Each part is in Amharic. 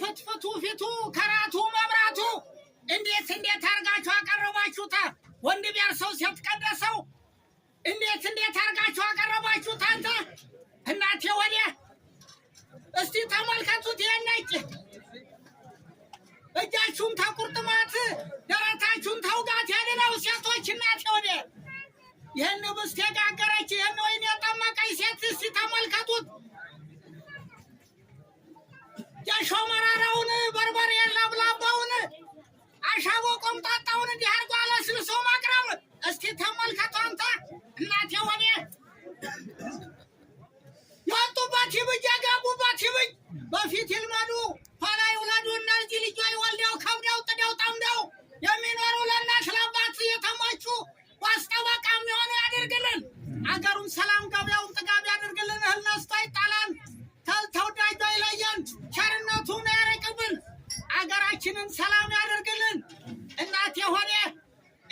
ፍትፍቱ፣ ፊቱ፣ ከራቱ፣ መብራቱ እንዴት እንዴት አድርጋችሁ አቀረባችሁታ? ወንድ ቢያርሰው ሴት ቀደሰው። እንዴት እንዴት አርጋችሁ አቀረባችሁት? አንተ እናቴ ወደ እስቲ ተመልከቱት። የነጭ እጃችሁን ተቁርጥማት ደረታችሁን ተውጋት ያድነው። ሴቶች እናቴ ወደ ይህን ብስት የጋገረች ይህን ወይን የጠመቀች ሴት እስቲ ተመልከቱት የሾመ ሻቦ ቆምጣጣውን እንዲህ አድርጎ አለስልሶ ማቅረብ እስቲ ተመልከ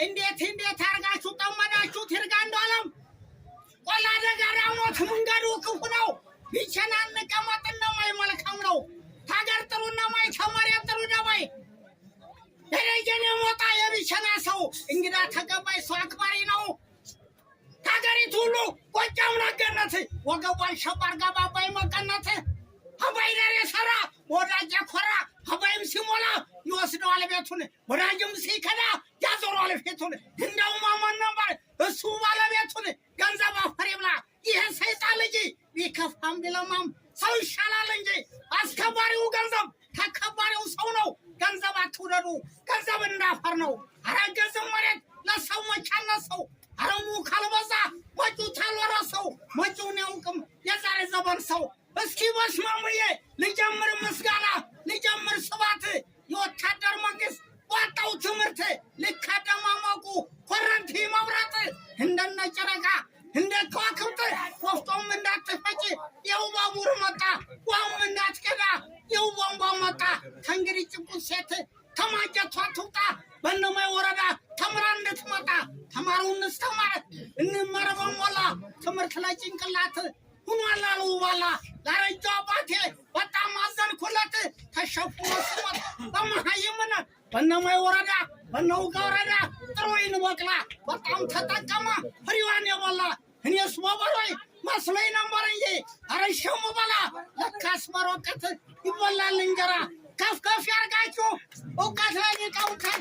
እንዴት እንዴት አድርጋችሁ ጠመዳችሁ ትርጋ እንዳለም ቆላ ደጋሪያው ነው። መንገዱ ክፉ ነው። ይቸናነቀ መጥን ነው ማይ መልካም ነው። ሀገር ጥሩ ነው ማይ ከመሪያ ጥሩ ነው ማይ ደረጀን የሞጣ የቢቸና ሰው እንግዳ ተቀባይ ሰው አክባሪ ነው። ሀገሪቱ ሁሉ ጎጃም ነገነት ወገቧን ሸባር ጋባ አባይ መቀነት አባይ ዳር የሰራ ወዳጅ ኮራ አባይም ሲሞላ ይወስደዋል ቤቱን ወዳጅም ሲከዳ ባለቤቱን እንዳው ማማን ነበር እሱ ባለቤቱን ገንዘብ አፈሬ ይብላ። ይህ ሰይጣን ልጅ ቢከፋም ቢለማም ሰው ይሻላል እንጂ አስከባሪው ገንዘብ ተከባሪው ሰው ነው። ገንዘብ አትውደዱ፣ ገንዘብ እንዳፈር ነው። አረገዝም መሬት ለሰው መቻነት ሰው አረሙ ካልበዛ ወጪው ታልወረ ሰው ወጪውን ያውቅም የዛሬ ዘመን ሰው። እስኪ በሽማሙዬ ልጀምር ምስጋና ጨረቃ እንደ ከዋክብት ወፍጮም እንዳትፈጭ ይኸው ባቡር መጣ፣ ውሃውም እንዳትቀዳ ይኸው ቧንቧው መጣ። ከእንግዲህ ጭቁን ሴት ከማጀቷ ትውጣ፣ በእነማይ ወረዳ ተምራ እንድትመጣ። ተማሩ እንስተማር እንማር በሞላ ትምህርት ለጭንቅላት ሁኗል አሉ ባላ ላረጃው አባቴ በጣም አዘንኩለት። ተሸፉ መስመት በመሀይምነት በእነማይ ወረዳ በነውጋ ወረዳ ጥሩይን በቅላ በጣም ተጠቀመ። ፍሬዋን የበላ እኔስ በበሮይ መስሎኝ ነበር እንጂ አረሸሙ በላ ለካስ በሮቀት ይበላል እንጀራ ከፍ ያርጋችሁ እውቀት ለሊቃውንት